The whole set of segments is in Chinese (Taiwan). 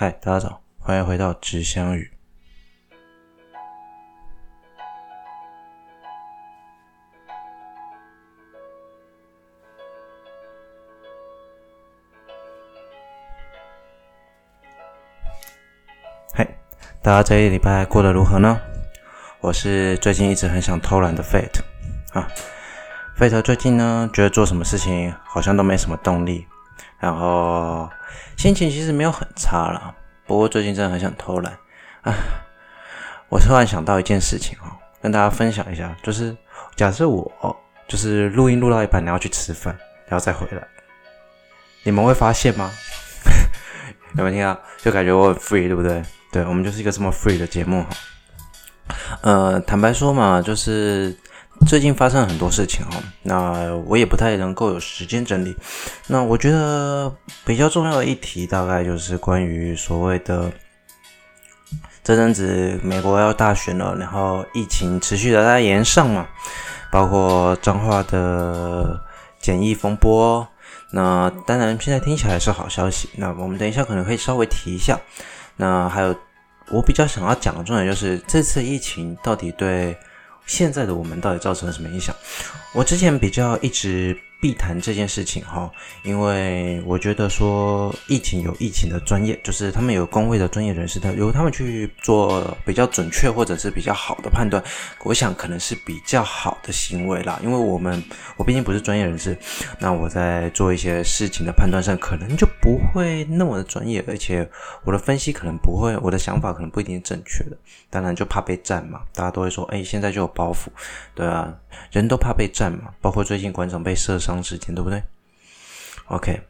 嗨，大家早，歡迎回到吉祥語。嗨，大家這一禮拜過得如何呢？我是最近一直很想偷懶的 Fate 啊，Fate 最近呢，覺得做什麼事情好像都沒什麼動力。然後心情其實沒有很差啦，不過最近真的很想偷懶啊！我突然想到一件事情哦，跟大家分享一下，就是假設我就是錄音錄到一半，然後去吃飯，然後再回來，你們會發現嗎？ 有沒有聽到？就感覺我很 free，對不對？對，我們就是一個這麼 free 的節目哈。呃，坦白說嘛，就是。最近發生很多事情哈，那我也不太能夠有時間整理。那我覺得比較重要的議題大概就是關於所謂的這陣子美國要大選了，然後疫情持續的在延上嘛，包括彰化的檢疫風波。那當然現在聽起來是好消息，那我們等一下可能可以稍微提一下。那還有我比較想要講的重點，就是這次疫情到底對。現在的我們到底造成了什麼影響？我之前比較一直。必談這件事情哈、哦，因為我覺得說疫情有疫情的專業，就是他們有公衛的專業人士，他由他們去做比較準確或者是比較好的判斷，我想可能是比較好的行為啦，因為我們我畢竟不是專業人士，那我在做一些事情的判斷上，可能就不會那麼的專業，而且我的分析可能不會，我的想法可能不一定正確的。當然就怕被佔嘛，大家都會說，哎、欸，現在就有包袱，對啊，人都怕被佔嘛，包括最近館長被射殺。長時間，對不對？OK，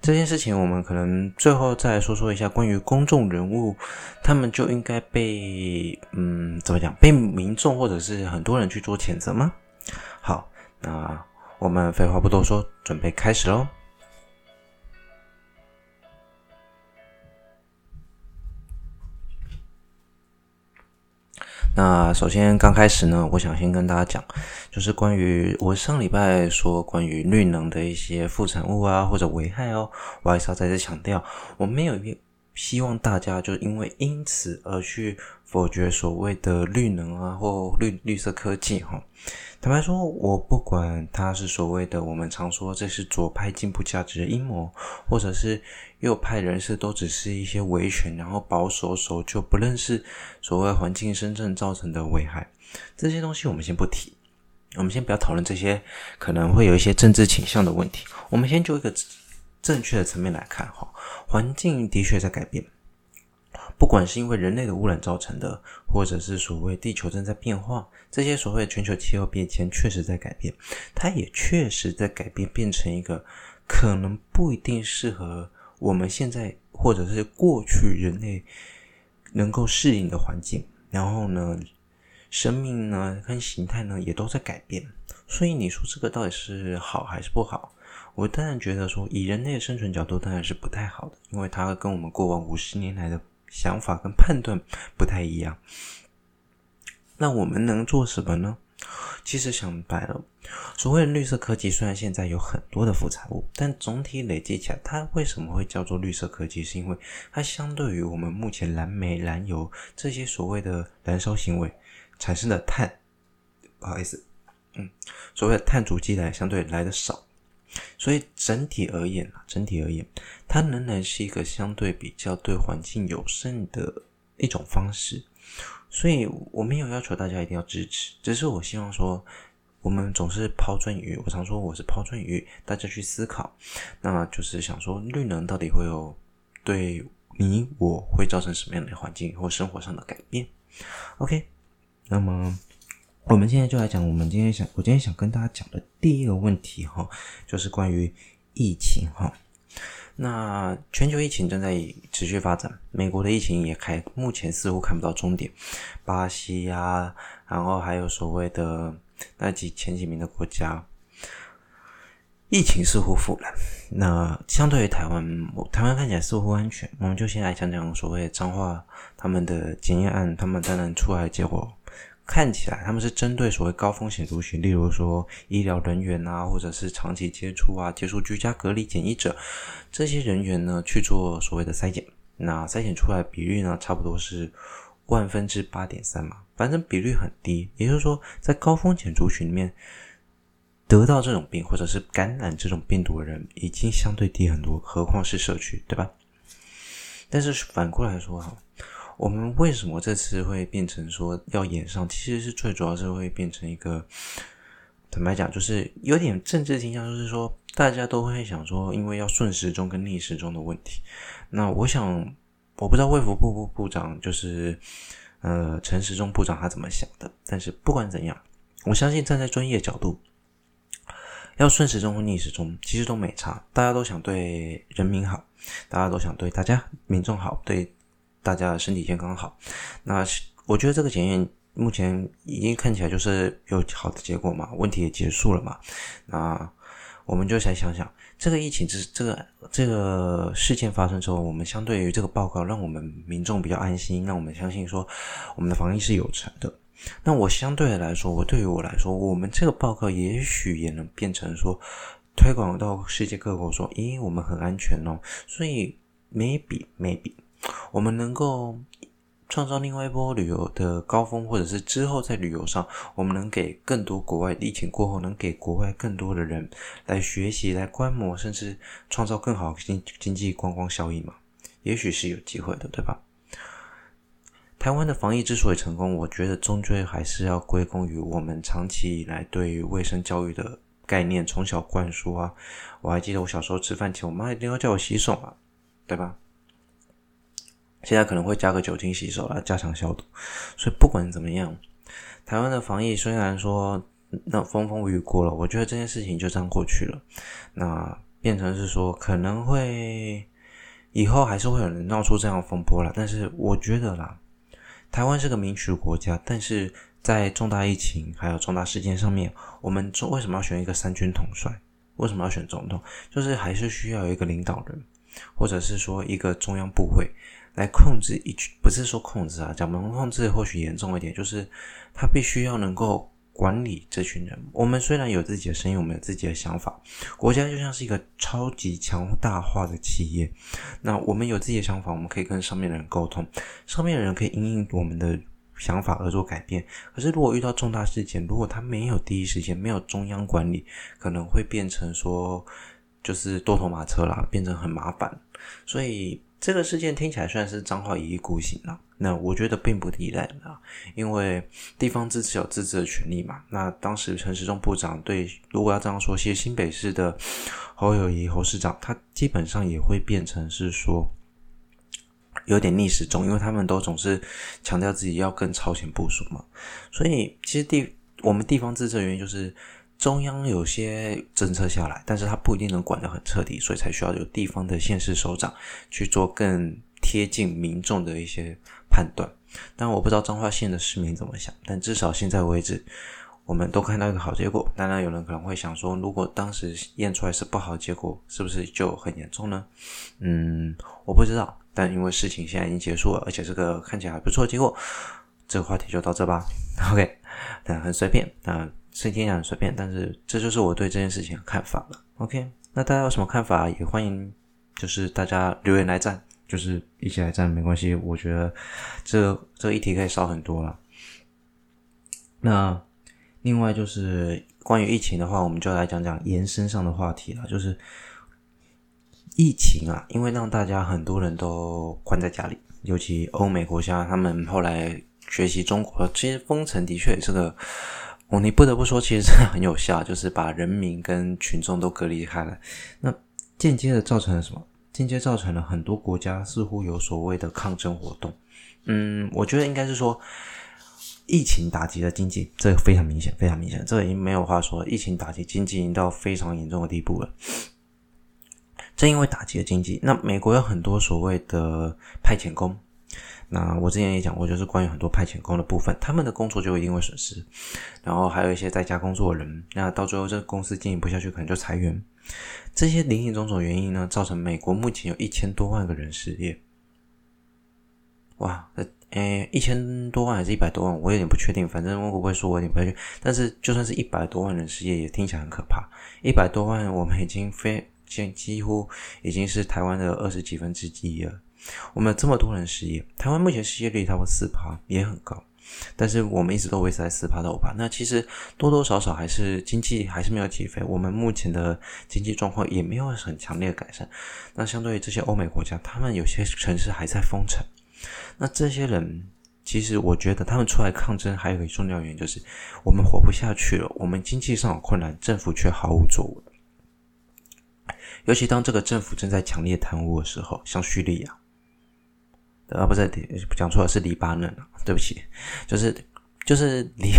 這件事情我們可能最後再說說一下，關於公眾人物，他們就應該被嗯，怎麼講，被民眾或者是很多人去做譴責嗎？好，那我們廢話不多說，準備開始嘍。那首先剛開始呢，我想先跟大家講，就是關於我上禮拜說關於綠能的一些副產物啊，或者危害哦，我還是要再次強調，我沒有希望大家就因為因此而去否決所謂的綠能啊或綠綠色科技哈。坦白說，我不管他是所謂的，我們常說這是左派進步價值的陰謀，或者是右派人士都只是一些維權，然後保守守就不認識所謂環境真正造成的危害。這些東西我們先不提，我們先不要討論這些可能會有一些政治傾向的問題。我們先就一個正確的層面來看哈，環境的確在改變。不管是因為人類的污染造成的，或者是所謂地球正在變化，這些所謂全球氣候變遷確實在改變，它也確實在改變，變成一個可能不一定適合我們現在或者是過去人類能夠適應的環境。然後呢，生命呢跟形態呢也都在改變。所以你說這個到底是好還是不好？我當然覺得說，以人類的生存角度當然是不太好的，因為它跟我們過往五十年來的，想法跟判斷不太一樣，那我們能做什麼呢？其實想白了，所謂的綠色科技，雖然現在有很多的副產物，但總體累積起來，它為什麼會叫做綠色科技？是因為它相對於我們目前燃煤、燃油這些所謂的燃燒行為產生的碳，不好意思，嗯，所謂的碳足跡來相對來得少。所以整體而言啊，整體而言，它仍然是一個相對比較對環境友善的一種方式。所以我沒有要求大家一定要支持，只是我希望說，我們總是拋磚引玉。我常說我是拋磚引玉，大家去思考。那麼就是想說，綠能到底會有對你我會造成什麼樣的環境或生活上的改變？OK，那麼。我們現在就來講，我們今天想，我今天想跟大家講的第一個問題哈，就是關於疫情哈。那全球疫情正在持續發展，美國的疫情也開，目前似乎看不到終點。巴西呀，啊，然後還有所謂的那幾前幾名的國家，疫情似乎復燃。那相對於台灣，台灣看起來似乎安全。我們就先來講講所謂的彰化，他們的檢驗案，他們當然出來的結果。看起來他們是針對所謂高風險族群，例如說醫療人員啊，或者是長期接觸啊、接觸居家隔離檢疫者這些人員呢，去做所謂的篩檢。那篩檢出來比率呢，差不多是萬分之八點三嘛，反正比率很低。也就是說，在高風險族群裡面得到這種病或者是感染這種病毒的人已經相對低很多，何況是社區，對吧？但是反過來說哈、啊。我們為什麼這次會變成說要演上？其實是最主要是會變成一個坦白講，就是有點政治傾向，就是說大家都會想說，因為要順時钟跟逆時鐘的問題。那我想，我不知道衛福部部部長就是呃陳時中部長他怎麼想的。但是不管怎樣，我相信站在專業角度，要順時钟和逆時钟其實都沒差，大家都想對人民好，大家都想對大家民眾好，對。大家的身體健康好，那我覺得這個檢驗目前已經看起來就是有好的結果嘛，問題也結束了嘛。那我們就再想想，這個疫情這這個這個事件發生之後，我們相對於這個報告，讓我們民眾比較安心，讓我們相信說我們的防疫是有成的。那我相對來說，我對於我來說，我們這個報告也許也能變成說推廣到世界各國，說，咦，我們很安全哦。所以，maybe，maybe。我們能夠創造另外一波旅遊的高峰，或者是之後在旅遊上，我們能給更多國外疫情過後能給國外更多的人來學習、來觀摩，甚至創造更好的經經濟觀光效益嘛？也許是有機會的，對吧？台灣的防疫之所以成功，我覺得終究還是要歸功於我們長期以來對於衛生教育的概念從小灌輸啊。我還記得我小時候吃飯前，我媽一定要叫我洗手啊，對吧？現在可能會加個酒精洗手啦，加強消毒。所以不管怎麼樣，台灣的防疫雖然說那風風雨過了，我覺得這件事情就這樣過去了。那變成是說，可能會以後還是會有人鬧出這樣風波啦。但是我覺得啦，台灣是個民主國家，但是在重大疫情還有重大事件上面，我們中為什麼要選一個三軍統帥？為什麼要選總統？就是還是需要有一個領導人，或者是說一個中央部會來控制一群，不是說控制啊，講不能控制或許嚴重一點，就是他必須要能夠管理這群人。我們雖然有自己的聲音，我們有自己的想法，國家就像是一個超級強大化的企業。那我們有自己的想法，我們可以跟上面的人溝通，上面的人可以因應我們的想法而做改變。可是如果遇到重大事件，如果他沒有第一時間，沒有中央管理，可能會變成說就是多頭馬車啦，變成很麻煩，所以。這個事件聽起來算是彰化一意孤行了，那我覺得並不依賴啊，因為地方自治有自治的權利嘛。那當時陳時中部長。對，如果要這樣說，其實新北市的侯友宜侯市長，他基本上也會變成是說有點逆時中，因為他們都總是強調自己要更超前部署嘛。所以其實地我們地方自治的原因就是。中央有些政策下來，但是他不一定能管得很徹底，所以才需要有地方的縣市首長去做更貼近民眾的一些判斷。但我不知道彰化縣的市民怎麼想，但至少現在為止，我們都看到一個好結果。當然，有人可能會想說，如果當時驗出來是不好結果，是不是就很嚴重呢？嗯，我不知道，但因為事情現在已經結束了，而且這個看起來還不錯的結果，這個話題就到這吧。OK，但很隨便啊。今天音講隨便，但是這就是我對這件事情的看法了。OK，那大家有什麼看法？也歡迎，就是大家留言來贊，就是一起來贊沒關係。我覺得這個這個議題可以少很多了。那另外就是關於疫情的話，我們就來講講延伸上的話題了。就是疫情啊，因為讓大家很多人都關在家裡，尤其歐美國家，他們後來學習中國，其實封城的確也是個。哦，你不得不說，其實很有效，就是把人民跟群眾都隔離開了。那間接的造成了什麼？間接造成了很多國家似乎有所謂的抗爭活動。嗯，我覺得應該是說，疫情打擊了經濟，這個非常明顯，非常明顯，這個已經沒有話說，疫情打擊經濟已經到非常嚴重的地步了。正因為打擊了經濟，那美國有很多所謂的派遣工。那我之前也講過，就是關於很多派遣工的部分，他們的工作就一定會損失，然後還有一些在家工作的人，那到最後這個公司經營不下去，可能就裁員。這些林林總總原因呢，造成美國目前有一千多萬個人失業。哇，哎，一千多萬還是一百多萬，我有點不確定。反正我不會說，我有點不確定。但是就算是一百多萬人失業，也聽起來很可怕。一百多萬，我們已經非現幾乎已經是台灣的二十幾分之一了。我們這麼多人失業，台灣目前失業率超過四趴，也很高。但是我們一直都維持在四趴到五趴，那其實多多少少還是經濟還是沒有起飛。我們目前的經濟狀況也沒有很強烈的改善。那相對於這些歐美國家，他們有些城市還在封城。那這些人，其實我覺得他們出來抗爭，還有一個重要原因就是我們活不下去了。我們經濟上有困難，政府卻毫無作為。尤其當這個政府正在強烈貪污的時候，像敘利亞。啊，不是，講錯了，是黎巴嫩，對不起，就是就是黎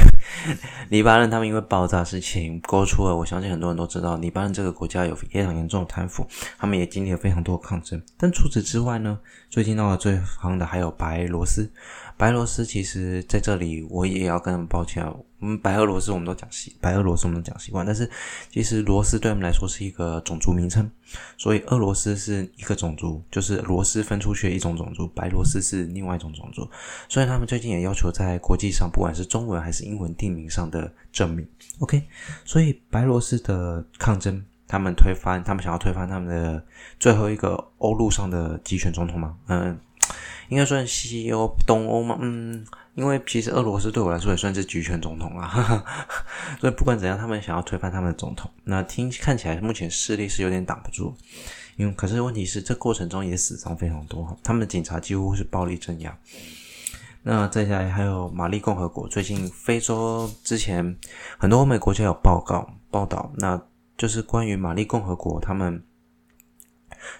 黎巴嫩，他們因為爆炸事情，勾出了，我相信很多人都知道，黎巴嫩這個國家有非常嚴重的貪腐，他們也經歷了非常多的抗爭。但除此之外呢，最近鬧得最夯的還有白羅斯，白羅斯其實在這裡我也要跟他們抱歉。我們白俄羅斯我們都講習，白俄羅斯我們都講習慣，但是其實羅斯對我們來說是一個種族名稱，所以俄羅斯是一個種族，就是羅斯分出去一種種族，白羅斯是另外一種種族，所以他們最近也要求在國際上，不管是中文還是英文定名上的證明。OK，所以白羅斯的抗爭，他們推翻，他們想要推翻他們的最後一個歐陸上的集權總統嗎？嗯，應該算西歐、東歐嗎？嗯。因為其實俄羅斯對我來說也算是集權總統啊，呵呵，所以不管怎樣，他們想要推翻他們的總統，那聽，看起來目前勢力是有點擋不住。因為可是問題是，這過程中也死傷非常多，他們的警察幾乎是暴力鎮壓。那接下來還有馬利共和國，最近非洲之前很多歐美國家有報告報道，那就是關於馬利共和國他們。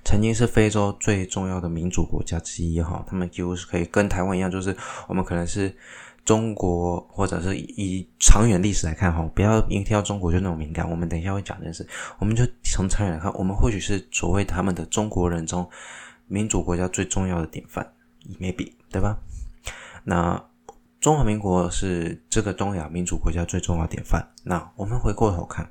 曾經是非洲最重要的民主國家之一哈，他們幾乎是可以跟台灣一樣，就是我們可能是中國，或者是以，以長遠歷史來看哈，不要一聽到中國就那麼敏感，我們等一下會講這件事，我們就從長遠來看，我們或許是所謂他們的中國人中民主國家最重要的典範，maybe 對吧？那中華民國是這個東亞民主國家最重要的典範，那我們回過頭看。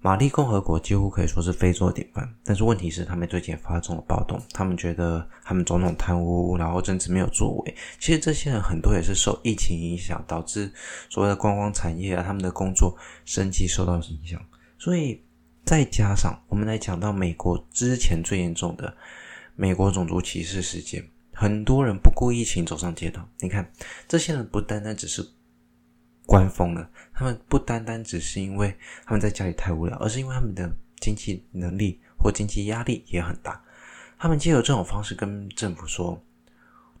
馬利共和國幾乎可以說是非洲的典範，但是問題是他們最近發生了暴動，他們覺得他們總統貪污，然後政治沒有作為。其實這些人很多也是受疫情影響，導致所謂的觀光產業啊，他們的工作生計受到影響。所以再加上我們來講到美國之前最嚴重的美國種族歧視事件，很多人不顧疫情走上街頭。你看這些人不單單只是。關封了，他們不單單只是因為他們在家裡太無聊，而是因為他們的經濟能力或經濟壓力也很大。他們借由這種方式跟政府說：“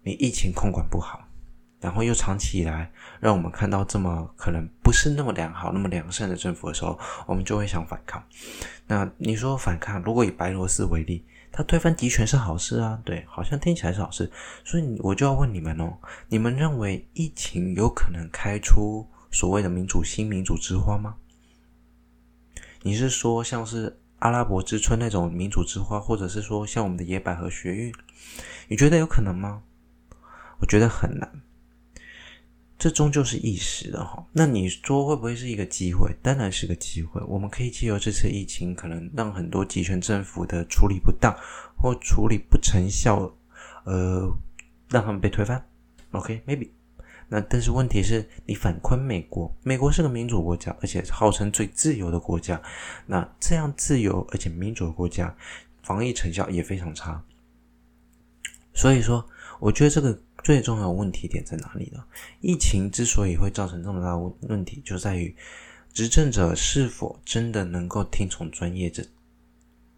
你疫情控管不好。”然後又長期以來讓我們看到這麼可能不是那麼良好、那麼良善的政府的時候，我們就會想反抗。那你說反抗，如果以白羅斯為例，他推翻極權是好事啊，對，好像聽起來是好事。所以我就要問你們哦，你們認為疫情有可能開出所謂的民主、新民主之花嗎？你是說像是阿拉伯之春那種民主之花，或者是說像我們的野百合學運？你覺得有可能嗎？我覺得很難，這終究是一時的哈。那你說會不會是一個機會？當然是個機會。我們可以借由這次疫情，可能讓很多集權政府的處理不當或處理不成效，呃，讓他們被推翻。OK，maybe、okay。那但是問題是你反觀美國，美國是個民主國家，而且號稱最自由的國家。那這樣自由而且民主的國家，防疫成效也非常差。所以說，我覺得這個最重要的問題點在哪裡呢？疫情之所以會造成這麼大的問題，就在於執政者是否真的能夠聽從專業的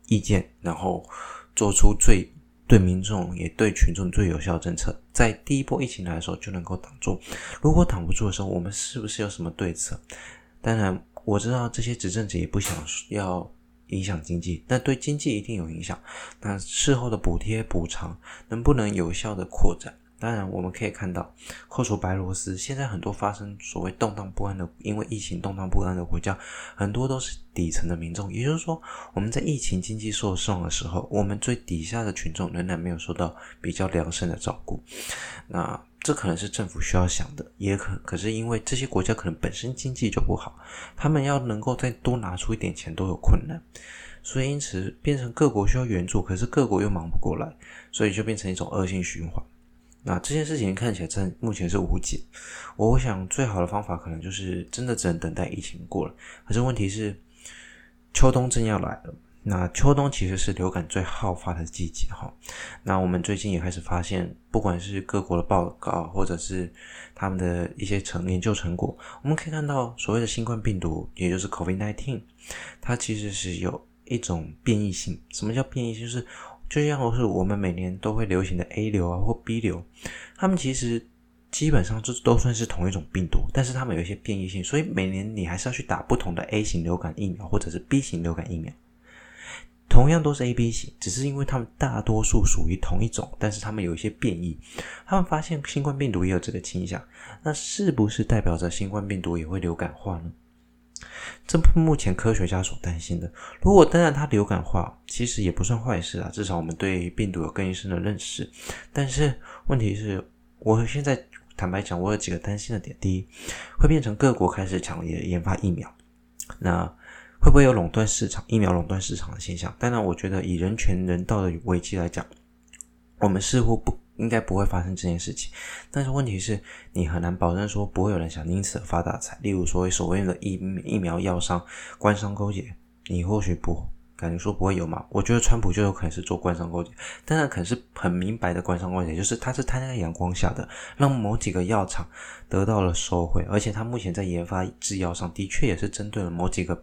意見，然後做出最對民眾也對群眾最有效政策，在第一波疫情來的時候就能夠擋住。如果擋不住的時候，我們是不是有什麼對策？當然，我知道這些執政者也不想要影響經濟，但對經濟一定有影響。那事後的補貼補償能不能有效的擴展？當然，我們可以看到，扣除白羅斯，現在很多發生所謂動盪不安的，因為疫情動盪不安的國家，很多都是底層的民眾。也就是說，我們在疫情經濟受創的時候，我們最底下的群眾仍然沒有受到比較良善的照顧。那這可能是政府需要想的，也可，可是因為這些國家可能本身經濟就不好，他們要能夠再多拿出一點錢都有困難，所以因此變成各國需要援助，可是各國又忙不過來，所以就變成一種惡性循環。那這件事情看起來正目前是無解，我想最好的方法可能就是真的只能等待疫情過了。可是問題是，秋冬正要來了，那秋冬其實是流感最好發的季節哈。那我們最近也開始發現，不管是各國的報告，或者是他們的一些成研究成果，我們可以看到所謂的新冠病毒，也就是 COVID-19，它其實是有一種變異性。什麼叫變異性？就是就像是我們每年都會流行的 A 流啊或 B 流，他們其實基本上就都算是同一種病毒，但是他們有一些變異性，所以每年你還是要去打不同的 A 型流感疫苗或者是 B 型流感疫苗。同樣都是 AB 型，只是因為他們大多數屬於同一種，但是他們有一些變異。他們發現新冠病毒也有這個傾向，那是不是代表着新冠病毒也會流感化呢？這不，目前科學家所擔心的。如果當然它流感化，其實也不算壞事啊，至少我們對病毒有更深的認識。但是問題是，我現在坦白講，我有幾個擔心的點：第一，會變成各國開始強烈研發疫苗，那會不會有壟斷市場、疫苗壟斷市場的現象？當然，我覺得以人權人道的危機來講，我們似乎不。應該不會發生這件事情，但是問題是，你很難保證說不會有人想因此而發大財。例如，所謂所謂的疫疫苗藥商官商勾結，你或許不。感覺說不會有嘛？我覺得川普就有可能是做官商勾結，但那可能是很明白的官商勾結，就是他是攤在陽光下的，讓某幾個藥廠得到了收賄。而且他目前在研發製藥上，的確也是針對了某幾個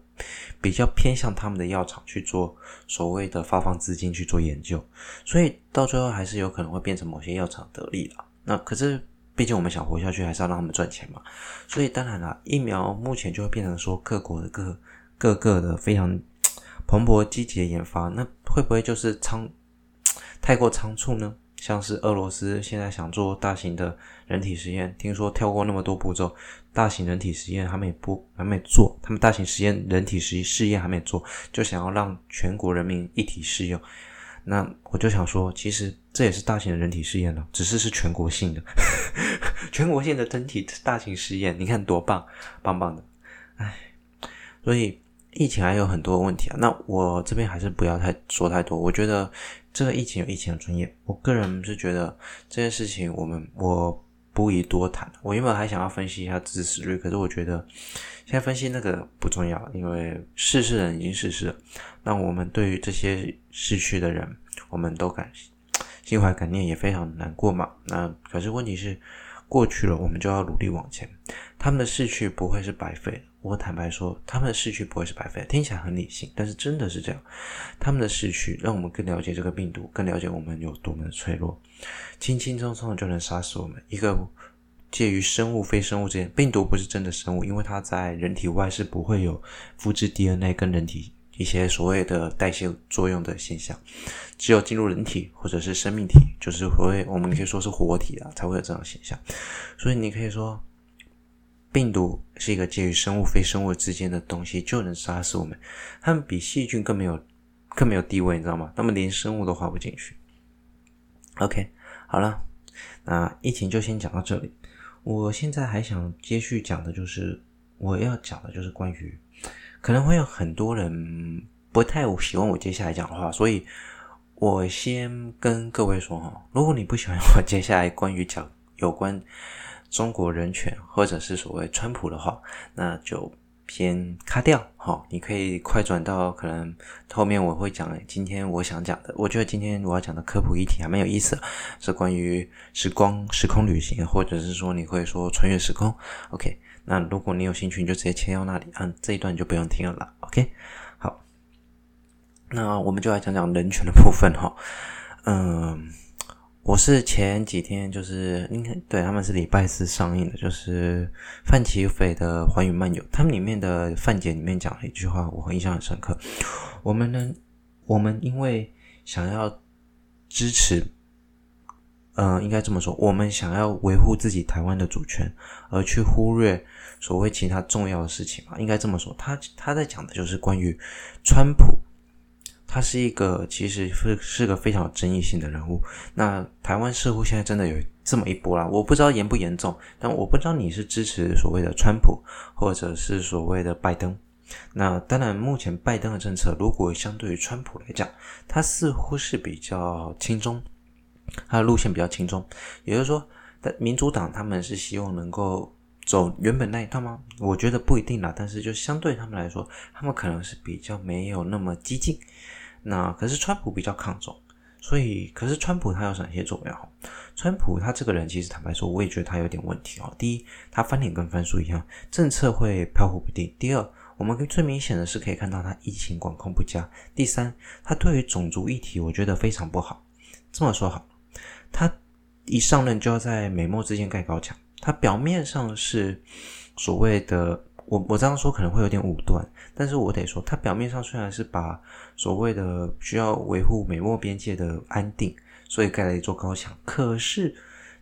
比較偏向他們的藥廠去做所謂的發放資金去做研究，所以到最後還是有可能會變成某些藥廠得利了。那可是畢竟我們想活下去，還是要讓他們賺錢嘛。所以當然了，疫苗目前就會變成說各國的各各個的非常。蓬勃積極的研發，那會不會就是倉太過倉促呢？像是俄羅斯現在想做大型的人體實驗，聽說跳過那麼多步驟，大型人體實驗還沒不還沒做，他們大型實驗人體實試驗還沒做，就想要讓全國人民一體試用。那我就想說，其實這也是大型的人體試驗了，只是是全國性的， 全國性的整體的大型實驗，你看多棒，棒棒的，哎，所以。疫情還有很多問題啊，那我這邊還是不要太說太多。我覺得這個疫情有疫情的專業，我個人是覺得這件事情我們我不宜多談。我原本還想要分析一下致死率，可是我覺得現在分析那個不重要，因為逝世的人已經逝世了。那我們對於這些逝去的人，我們都感心懷感念，也非常難過嘛。那可是問題是過去了，我們就要努力往前。他們的逝去不會是白費的。我坦白說，他們的逝去不會是白費，聽起來很理性，但是真的是這樣。他們的逝去讓我們更了解這個病毒，更了解我們有多麼的脆弱，輕輕松松的就能殺死我們。一個介於生物、非生物之間，病毒不是真的生物，因為它在人體外是不會有複制 DNA 跟人體一些所謂的代謝作用的現象，只有進入人體或者是生命體，就是會我們可以說是活體啊，才會有這樣現象。所以你可以說。病毒是一個介於生物非生物之間的東西，就能殺死我們。它們比細菌更沒有、更沒有地位，你知道嗎？它們連生物都畫不進去。OK，好了，那疫情就先講到這裡。我現在還想接續講的就是，我要講的就是關於，可能會有很多人不太喜歡我接下來講的話，所以我先跟各位說哈，如果你不喜歡我接下來關於講有關。中國人權，或者是所謂川普的話，那就先卡掉，好，你可以快轉到可能後面我會講，今天我想講的，我覺得今天我要講的科普議題還蠻有意思的，是關於時光、時空旅行，或者是說你會說穿越時空。OK，那如果你有興趣，你就直接切到那裡，嗯，這一段就不用聽了啦。OK，好，那我們就來講講人權的部分哈。嗯。我是前幾天就是應該對他們是禮拜四上映的，就是范琪斐的《寰宇漫遊》，他們裡面的范姐裡面講了一句話，我印象很深刻。我們呢，我們因為想要支持，呃，應該這麼說，我們想要維護自己台灣的主權，而去忽略所謂其他重要的事情嘛？應該這麼說，他他在講的就是關於川普。他是一個其實是是個非常有爭議性的人物。那台灣似乎現在真的有這麼一波啦，我不知道嚴不嚴重。但我不知道你是支持所謂的川普，或者是所謂的拜登。那當然，目前拜登的政策如果相對於川普來講，他似乎是比較輕鬆，他的路線比較輕鬆。也就是說，但民主黨他們是希望能夠走原本那一套嗎？我覺得不一定啦。但是就相對他們來說，他們可能是比較沒有那麼激進。那可是川普比較抗中，所以可是川普他有哪些作用？川普他這個人其實坦白說，我也覺得他有點問題哦。第一，他翻臉跟翻書一樣，政策會飄忽不定；第二，我們最明顯的是可以看到他疫情管控不佳；第三，他對於種族議題，我覺得非常不好。這麼說好，他一上任就要在美墨之間蓋高牆，他表面上是所謂的。我我這樣說可能會有點武斷，但是我得說，他表面上雖然是把所謂的需要維護美墨邊界的安定，所以蓋了一座高牆，可是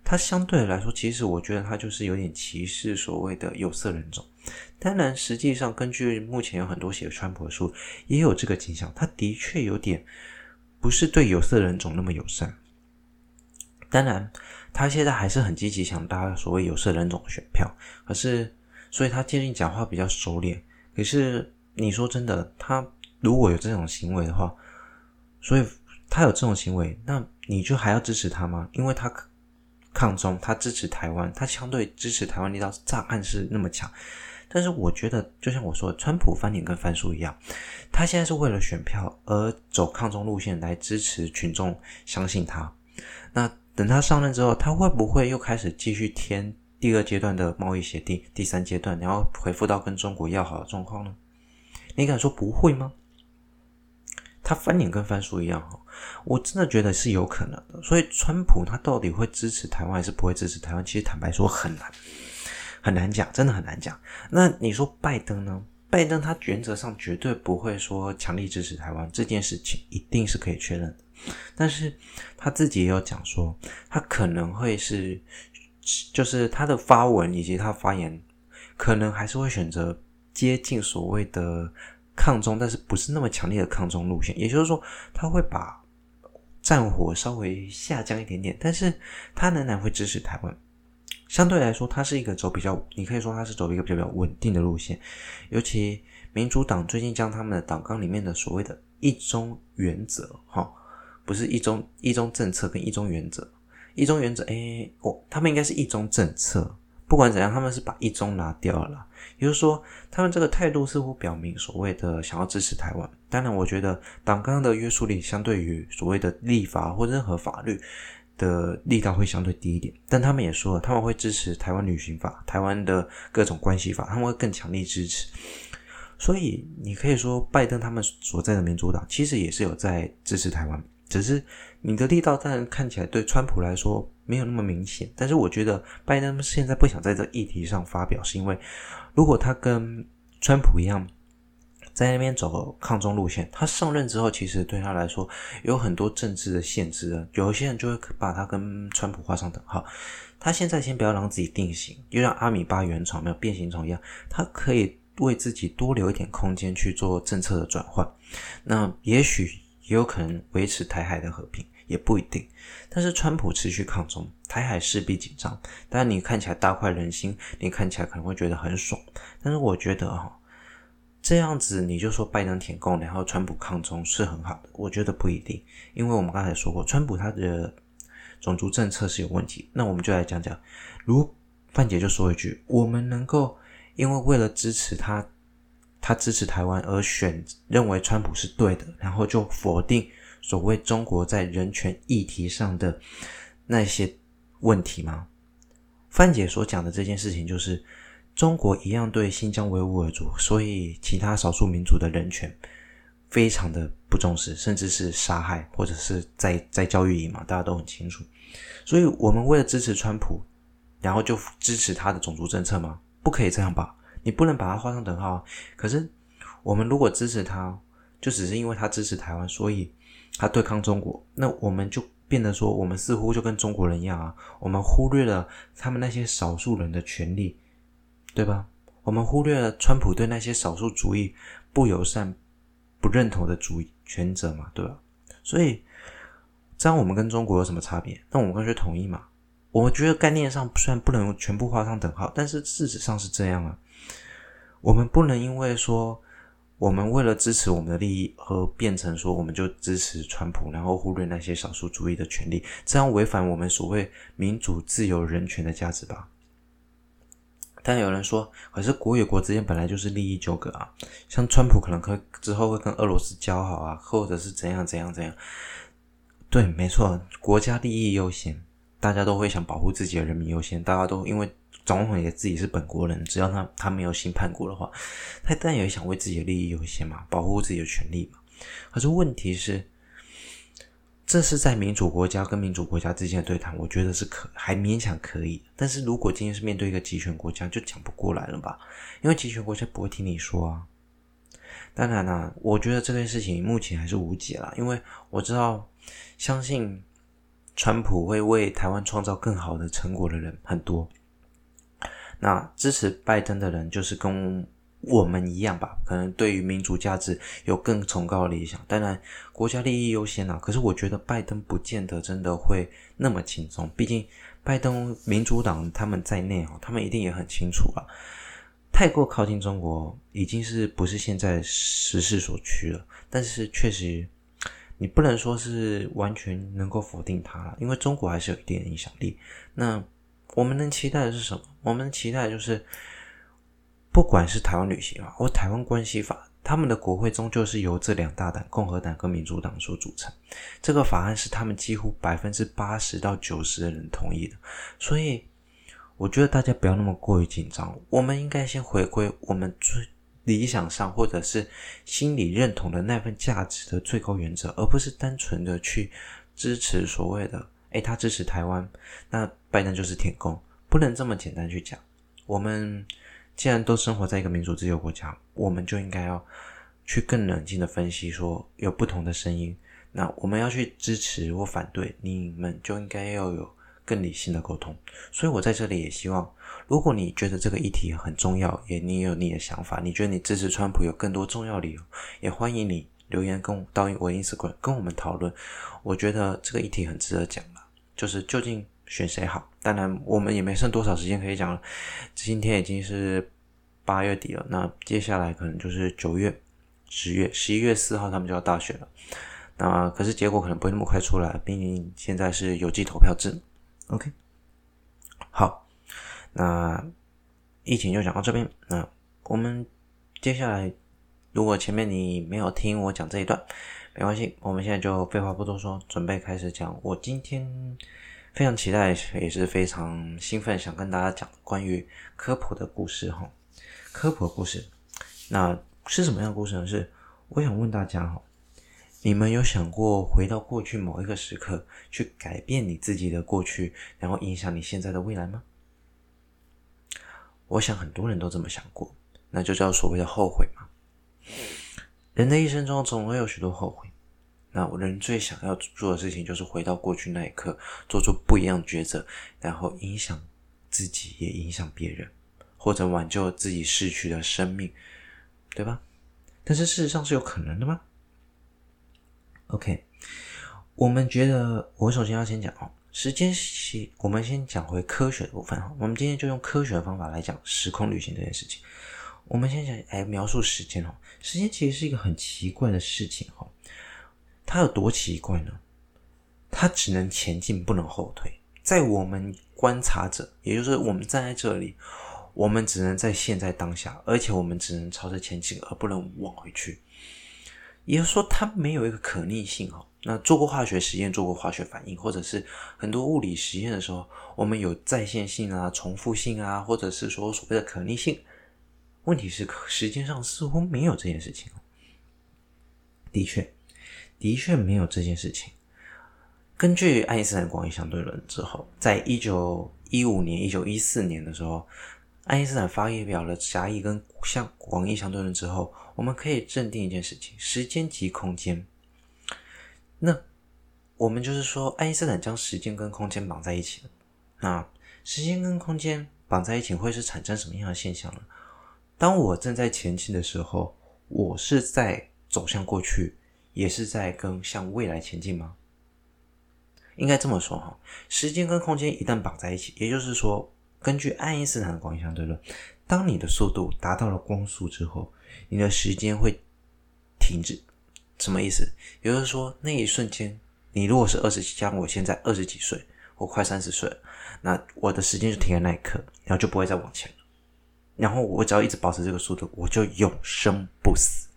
他相對來說，其實我覺得他就是有點歧視所謂的有色人種。當然，實際上根據目前有很多寫的川普的書，也有這個傾向，他的確有點不是對有色人種那麼友善。當然，他現在還是很積極想搭所謂有色人種的選票，可是。所以他最近講話比較收斂。可是你說真的，他如果有這種行為的話，所以他有這種行為，那你就還要支持他嗎？因為他抗中，他支持台灣，他相對支持台灣力道炸彈是那麼強。但是我覺得，就像我說，川普翻臉跟翻書一樣，他現在是為了選票而走抗中路線來支持群眾相信他。那等他上任之後，他會不會又開始繼續添？第二階段的貿易協定，第三階段，然後回復到跟中國要好的狀況呢？你敢說不會嗎？他翻臉跟翻書一樣。我真的覺得是有可能的。所以，川普他到底會支持台灣還是不會支持台灣？其實坦白說很難，很難講，真的很難講。那你說拜登呢？拜登他原則上絕對不會說強力支持台灣，這件事情一定是可以確認的。但是他自己也有講說，他可能會是。就是他的發文以及他發言，可能還是會選擇接近所謂的抗中，但是不是那麼強烈的抗中路線。也就是說，他會把戰火稍微下降一點點，但是他仍然會支持台灣。相對來說，他是一個走比較，你可以說他是走一個比較比較穩定的路線。尤其民主黨最近將他們的黨綱裡面的所謂的“一中原則”哈，不是“一中”，“一中政策”跟“一中原則”。一中原則，哎、欸，哦，他們應該是一中政策。不管怎樣，他們是把一中拿掉了。也就是說，他們這個態度似乎表明所謂的想要支持台灣。當然，我覺得黨綱的約束力相對於所謂的立法或任何法律的力道會相對低一點。但他們也說了，他們會支持台灣旅行法、台灣的各種關係法，他們會更強力支持。所以，你可以說拜登他們所在的民主黨其實也是有在支持台灣。只是你的力道，當然看起來對川普來說沒有那麼明顯。但是我覺得拜登現在不想在這議題上發表，是因為如果他跟川普一樣在那邊走抗中路線，他上任之後其實對他來說有很多政治的限制啊。有些人就會把他跟川普畫上等號。他現在先不要讓自己定型，就像阿米巴原蟲沒有變形蟲一樣，他可以為自己多留一點空間去做政策的轉換。那也許。也有可能維持台海的和平，也不一定。但是川普持續抗中，台海勢必緊張。當然，你看起來大快人心，你看起來可能會覺得很爽。但是我覺得、哦、這樣子你就說拜登舔共，然後川普抗中是很好的，我覺得不一定。因為我們剛才說過，川普他的種族政策是有問題。那我們就來講講，如范姐就說一句：我們能夠因為為了支持他。他支持台灣而選，認為川普是對的，然後就否定所謂中國在人權議題上的那些問題嗎？范姐所講的這件事情就是中國一樣對新疆維吾爾族，所以其他少數民族的人權非常的不重視，甚至是殺害或者是在在教育營嘛，大家都很清楚。所以我們為了支持川普，然後就支持他的種族政策嗎？不可以這樣吧？你不能把它畫上等號。可是，我們如果支持他，就只是因為他支持台灣，所以他對抗中國，那我們就變得說，我們似乎就跟中國人一樣啊。我們忽略了他們那些少數人的權利，對吧？我們忽略了川普對那些少數族裔不友善、不認同的主權者嘛，對吧？所以，這樣我們跟中國有什麼差別？那我們乾脆統一嘛。我們覺得概念上雖然不能全部畫上等號，但是事實上是這樣啊。我們不能因為說我們為了支持我們的利益而變成說我們就支持川普，然後忽略那些少數族裔的權利，這樣違反我們所謂民主、自由、人權的價值吧？但有人說，可是國與國之間本來就是利益糾葛啊，像川普可能可之後會跟俄羅斯交好啊，或者是怎樣怎樣怎樣？對，沒錯，國家利益優先，大家都會想保護自己的人民優先，大家都因為。總統也自己是本國人，只要他他沒有新叛國的話，他當然也想為自己的利益優先嘛，保護自己的權利嘛。可是問題是，這是在民主國家跟民主國家之間的對談，我覺得是可，還勉強可以。但是如果今天是面對一個集權國家，就講不過來了吧？因為集權國家不會聽你說啊。當然啦、啊，我覺得這件事情目前還是無解了，因為我知道，相信川普會為台灣創造更好的成果的人很多。那支持拜登的人就是跟我們一樣吧，可能對於民主價值有更崇高的理想。當然，國家利益優先啊。可是我覺得拜登不見得真的會那麼輕鬆，畢竟拜登民主黨他們在內哦，他們一定也很清楚啊。太過靠近中國，已經是不是現在時勢所趨了？但是確實，你不能說是完全能夠否定他了，因為中國還是有一定影響力。那我們能期待的是什麼？我們期待的就是，不管是台灣旅行法或台灣關係法，他們的國會終究是由這兩大黨——共和黨跟民主黨所組成。這個法案是他們幾乎百分之八十到九十的人同意的，所以我覺得大家不要那麼過於緊張。我們應該先回歸我們最理想上或者是心理認同的那份價值的最高原則，而不是單純的去支持所謂的“哎，他支持台灣，那拜登就是舔共。”不能這麼簡單去講。我們既然都生活在一個民主自由國家，我們就應該要去更冷靜的分析，說有不同的聲音，那我們要去支持或反對，你們就應該要有更理性的溝通。所以我在這裡也希望，如果你覺得這個議題很重要，也你有你的想法，你覺得你支持川普有更多重要理由，也歡迎你留言跟我到我的 Instagram 跟我們討論。我覺得這個議題很值得講了，就是究竟。選誰好？當然，我們也沒剩多少時間可以講了。今天已經是八月底了，那接下來可能就是九月、十月、十一月四號，他們就要大選了。那可是結果可能不會那麼快出來，畢竟現在是郵寄投票制。OK，好，那疫情就講到這邊。那我們接下來，如果前面你沒有聽我講這一段，沒關係，我們現在就廢話不多說，準備開始講我今天。非常期待，也是非常興奮，想跟大家講關於科普的故事哈。科普的故事，那是什麼樣的故事呢？是我想問大家哈，你們有想過回到過去某一個時刻，去改變你自己的過去，然後影響你現在的未來嗎？我想很多人都這麼想過，那就叫所謂的後悔嘛。人的一生中，總會有許多後悔。那我人最想要做的事情就是回到過去那一刻，做出不一樣的抉擇，然後影響自己，也影響別人，或者挽救自己逝去的生命，對吧？但是事實上是有可能的嗎？OK，我們覺得我首先要先講哦，時間其，我們先講回科學的部分哈。我們今天就用科學的方法來講時空旅行這件事情。我們先講，描述時間哦，時間其實是一個很奇怪的事情它有多奇怪呢？它只能前進，不能後退。在我們觀察者，也就是我們站在這裡，我們只能在現在當下，而且我們只能朝着前進，而不能往回去。也就是說，它沒有一個可逆性哦，那做過化學實驗，做過化學反應，或者是很多物理實驗的時候，我們有再現性啊、重複性啊，或者是說所謂的可逆性。問題是，時間上似乎沒有這件事情。的確。的確沒有這件事情。根據愛因斯坦廣義相對論之後，在一九一五年、一九一四年的時候，愛因斯坦發表了狹義跟像廣義相對論之後，我們可以認定一件事情：時間及空間。那我們就是說，愛因斯坦將時間跟空間綁在一起了。那時間跟空間綁在一起會是產生什麼樣的現象呢？當我正在前進的時候，我是在走向過去。也是在跟向未來前進嗎？應該這麼說哈。時間跟空間一旦綁在一起，也就是說，根據愛因斯坦的廣義相對論，當你的速度達到了光速之後，你的時間會停止。什麼意思？也就是說，那一瞬間，你如果是二十，像我現在二十幾歲，我快三十歲了，那我的時間就停在那一刻，然後就不會再往前了。然後我只要一直保持這個速度，我就永生不死。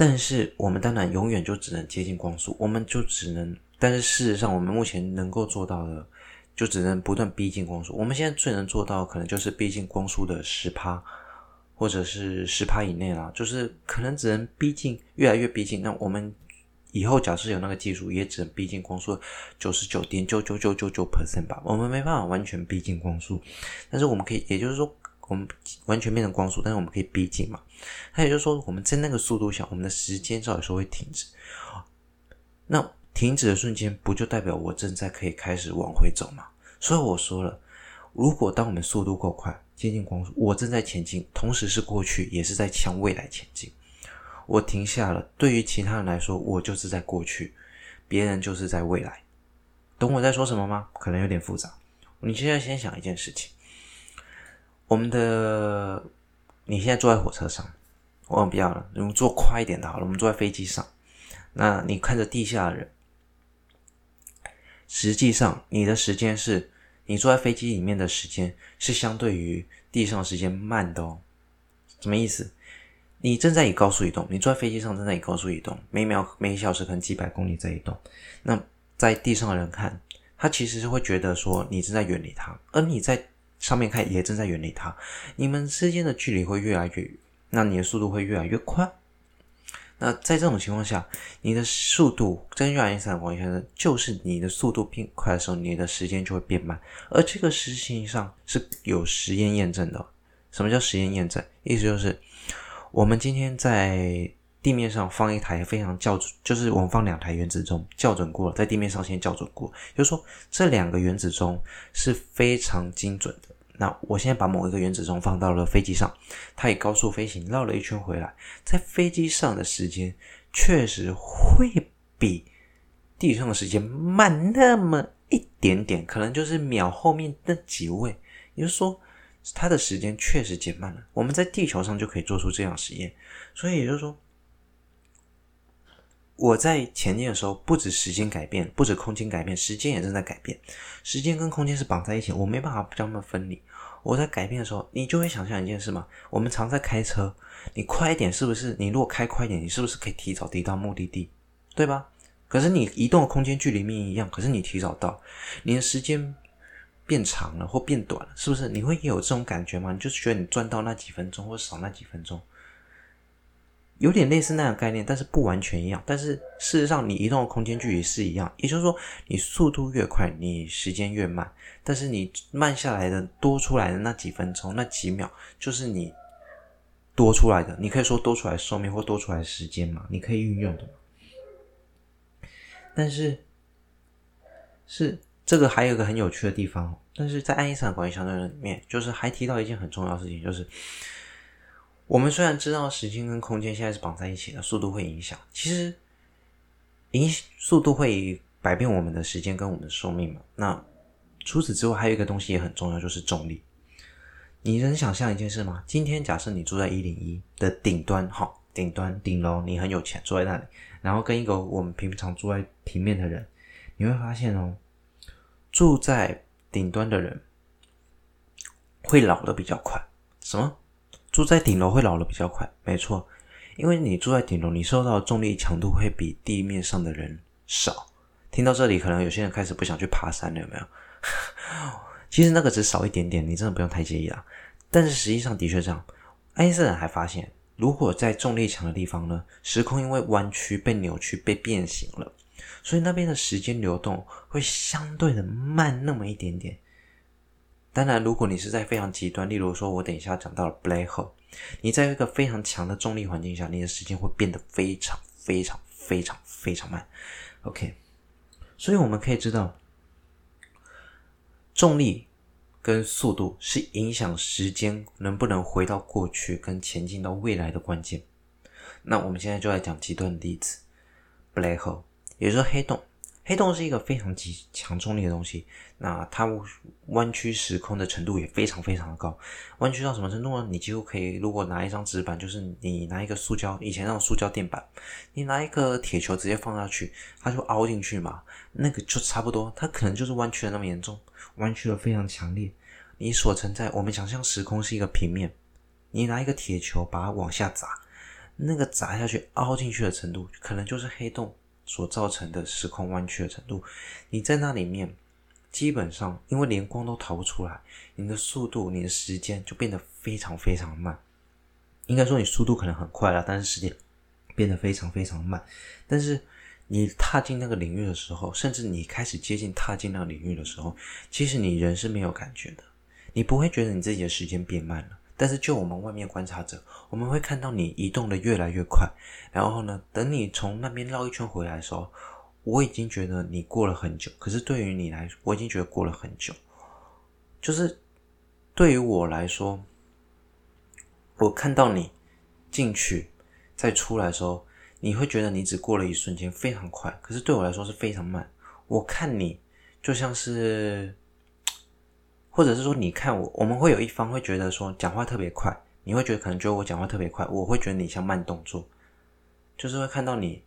但是我們當然永遠就只能接近光速，我們就只能。但是事實上，我們目前能夠做到的，就只能不斷逼近光速。我們現在最能做到，可能就是逼近光速的十趴，或者是十趴以內啦。就是可能只能逼近，越來越逼近。那我們以後假設有那個技術，也只能逼近光速的九十九點九九九九九 percent 吧。我們沒辦法完全逼近光速，但是我們可以，也就是說。我們完全變成光速，但是我們可以逼近嘛？他也就是說，我們在那個速度下，我們的時間照理說會停止。那停止的瞬間，不就代表我正在可以開始往回走嗎？所以我說了，如果當我們速度夠快，接近光速，我正在前進，同時是過去，也是在向未來前進。我停下了，對於其他人來說，我就是在過去，別人就是在未來。懂我在說什麼嗎？可能有點複雜。你現在先想一件事情。我們的，你現在坐在火車上。哦、不要了，我們坐快一點的好了。我們坐在飛機上，那你看着地下的人，實際上你的時間是你坐在飛機裡面的時間，是相對於地上的時間慢的哦。什麼意思？你正在以高速移動，你坐在飛機上正在以高速移動，每秒每小時可能幾百公里在移動。那在地上的人看，他其實是會覺得說你正在遠離他，而你在。上面看也正在遠離它，你們之間的距離會越來越遠，那你的速度會越來越快。那在這種情況下，你的速度根據愛因斯坦廣義相對論，就是你的速度變快的時候，你的時間就會變慢。而這個事情上是有實驗驗證的。什麼叫實驗驗證？意思就是我們今天在。地面上放一台非常校準，就是我們放兩台原子鐘校準過了，在地面上先校準過，就是說這兩個原子鐘是非常精準的。那我現在把某一個原子鐘放到了飛機上，它以高速飛行繞了一圈回來，在飛機上的時間確實會比地上的時間慢那麼一點點，可能就是秒後面那幾位，也就是說它的時間確實減慢了。我們在地球上就可以做出這樣的實驗，所以也就是說。我在前進的時候，不止時間改變，不止空間改變，時間也正在改變。時間跟空間是綁在一起，我沒辦法將它們分離。我在改變的時候，你就會想象一件事嘛，我們常在開車，你快一點是不是？你如果開快一點，你是不是可以提早抵達目的地，對吧？可是你移動的空間距離明明一樣，可是你提早到，你的時間變長了或變短了，是不是？你會有這種感覺嗎？你就是覺得你賺到那幾分鐘或少那幾分鐘。有點類似那樣的概念，但是不完全一樣。但是事實上，你移動的空間距離是一樣，也就是說，你速度越快，你時間越慢。但是你慢下來的多出來的那幾分鐘、那幾秒，就是你多出來的。你可以說多出來的壽命或多出來的時間嘛？你可以運用的。但是是這個，還有一個很有趣的地方哦。但是在愛因斯坦關於相對論裡面，就是還提到一件很重要的事情，就是。我們雖然知道時間跟空間現在是綁在一起的，速度會影響，其實影速度會改變我們的時間跟我們的壽命嘛。那除此之外，還有一個東西也很重要，就是重力。你能想象一件事嗎？今天假設你住在一零一的頂端，好、哦，頂端頂樓，你很有錢，坐在那裡，然後跟一個我們平常住在平面的人，你會發現哦，住在頂端的人會老得比較快。什麼？住在頂樓會老的比較快，沒錯，因為你住在頂樓，你受到的重力強度會比地面上的人少。聽到這裡，可能有些人開始不想去爬山了，有沒有？其實那個只少一點點，你真的不用太介意啦。但是實際上的確這樣，愛因斯坦還發現，如果在重力強的地方呢，時空因為彎曲被扭曲，被變形了，所以那邊的時間流動會相對的慢那麼一點點。當然，如果你是在非常極端，例如說，我等一下講到了 black hole，你在一個非常強的重力環境下，你的時間會變得非常非常非常非常慢。OK，所以我們可以知道，重力跟速度是影響時間能不能回到過去跟前進到未來的關鍵。那我們現在就來講極端的例子，black hole，也就是說黑洞。黑洞是一個非常極強重力的東西，那它彎曲時空的程度也非常非常的高，彎曲到什麼程度呢？你幾乎可以，如果拿一張紙板，就是你拿一個塑膠，以前那種塑膠墊板，你拿一個鐵球直接放下去，它就凹進去嘛，那個就差不多，它可能就是彎曲的那麼嚴重，彎曲的非常強烈。你所存在，我們想象時空是一個平面，你拿一個鐵球把它往下砸，那個砸下去凹進去的程度，可能就是黑洞。所造成的時空彎曲的程度，你在那裡面，基本上因為連光都逃不出來，你的速度、你的時間就變得非常非常慢。應該說你速度可能很快啦，但是時間變得非常非常慢。但是你踏進那個領域的時候，甚至你開始接近踏進那個領域的時候，其實你人是沒有感覺的，你不會覺得你自己的時間變慢了。但是，就我們外面觀察者，我們會看到你移動得越來越快。然後呢，等你從那邊繞一圈回來的時候，我已經覺得你過了很久。可是對於你來說，我已經覺得過了很久。就是對於我來說，我看到你進去再出來的時候，你會覺得你只過了一瞬間，非常快。可是對我來說是非常慢。我看你就像是。或者是說，你看我，我們會有一方會覺得說講話特別快，你會覺得可能覺得我講話特別快，我會覺得你像慢動作，就是會看到你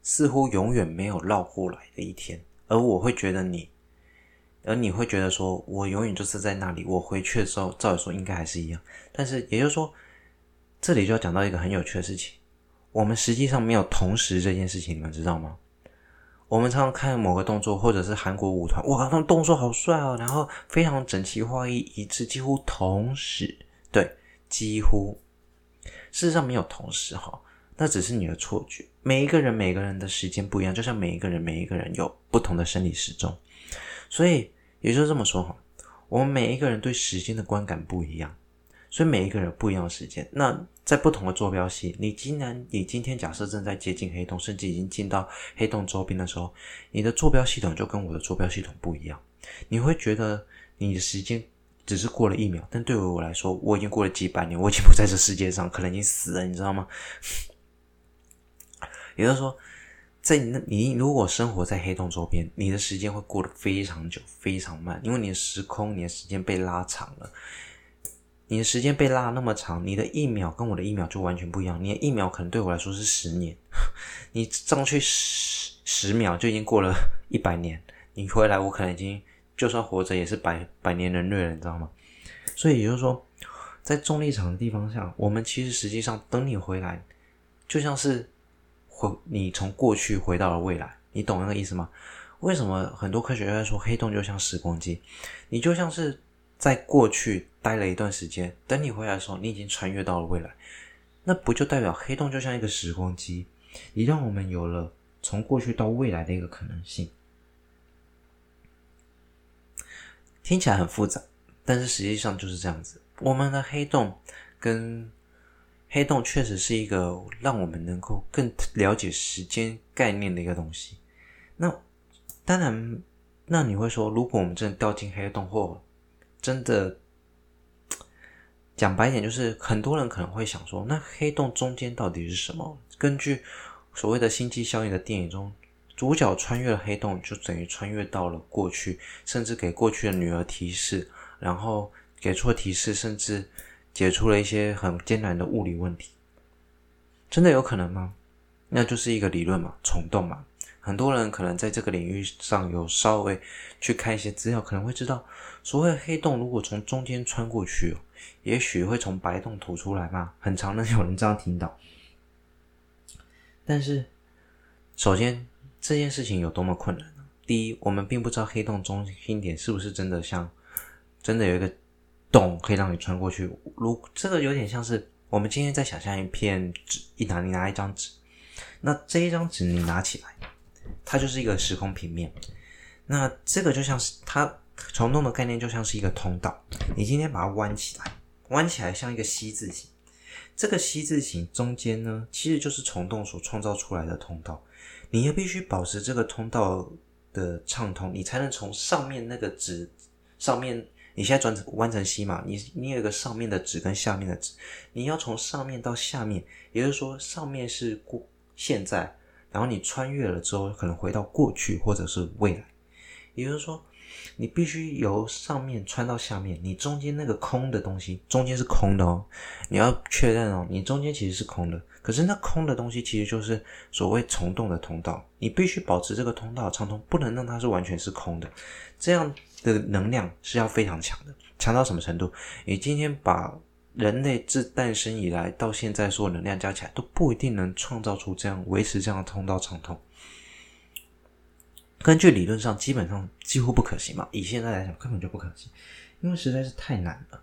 似乎永遠沒有繞過來的一天，而我會覺得你，而你會覺得說我永遠就是在那裡，我回去的時候照理說應該還是一樣，但是也就是說，這裡就要講到一個很有趣的事情，我們實際上沒有同時這件事情，你們知道嗎？我們常常看某個動作，或者是韓國舞團，哇，他們動作好帥哦，然後非常整齊劃一，一致，幾乎同時，對，幾乎，事實上沒有同時哈，那只是你的錯覺。每一個人，每個人的時間不一樣，就像每一個人，每一個人有不同的生理時鐘，所以也就是這麼說哈，我們每一個人對時間的觀感不一樣。所以每一個人有不一樣的時間。那在不同的坐標系，你竟然你今天假設正在接近黑洞，甚至已經進到黑洞周邊的時候，你的坐標系統就跟我的坐標系統不一樣。你會覺得你的時間只是過了一秒，但對於我來說，我已經過了幾百年，我已經不在這世界上，可能已經死了，你知道嗎？也就是說，在你你如果生活在黑洞周邊，你的時間會過得非常久，非常慢，因為你的時空，你的時間被拉長了。你的時間被拉那麼長，你的一秒跟我的一秒就完全不一樣。你的一秒可能對我來說是十年，你上去十十秒就已經過了一百年。你回來，我可能已經就算活着也是百百年人類了，你知道嗎？所以也就是說，在重力場的地方下，我們其實實際上等你回來，就像是回你從過去回到了未來，你懂那個意思嗎？為什麼很多科學家說黑洞就像時光機？你就像是。在過去待了一段時間，等你回來的時候，你已經穿越到了未來，那不就代表黑洞就像一個時光機，也讓我們有了從過去到未來的一個可能性。聽起來很複雜，但是實際上就是這樣子。我們的黑洞跟黑洞確實是一個讓我們能夠更了解時間概念的一個東西。那當然，那你會說，如果我們真的掉進黑洞後？真的講白一點，就是很多人可能會想說，那黑洞中間到底是什麼？根據所謂的星際效應的電影中，主角穿越了黑洞，就等於穿越到了過去，甚至給過去的女兒提示，然後給出了提示，甚至解出了一些很艱難的物理問題。真的有可能嗎？那就是一個理論嘛，蟲洞嘛。很多人可能在這個領域上有稍微去看一些資料，可能會知道，所謂的黑洞如果從中間穿過去，也許會從白洞吐出來嘛。很常有人這樣聽到。但是，首先這件事情有多麼困難呢？第一，我們並不知道黑洞中心點是不是真的像真的有一個洞可以讓你穿過去。如這個有點像是我們今天在想象一片紙，一拿你拿一張紙，那這一張紙你拿起來。它就是一個時空平面，那這個就像是它蟲洞的概念，就像是一個通道。你今天把它彎起來，彎起來像一個 “C” 字形，這個 “C” 字形中間呢，其實就是蟲洞所創造出來的通道。你也必須保持這個通道的暢通，你才能從上面那個紙上面，你現在轉彎成 “C” 嘛，你你有一個上面的紙跟下面的紙，你要從上面到下面，也就是說，上面是過現在。然後你穿越了之後，可能回到過去或者是未來，也就是說，你必須由上面穿到下面，你中間那個空的東西，中間是空的哦，你要確認哦，你中間其實是空的，可是那空的東西其實就是所謂蟲洞的通道，你必須保持這個通道暢通，不能讓它是完全是空的，這樣的能量是要非常強的，強到什麼程度？你今天把。人類自誕生以來到現在，所有能量加起來都不一定能創造出這樣維持這樣的通道暢通。根據理論上，基本上幾乎不可行嘛。以現在來講，根本就不可行，因為實在是太難了。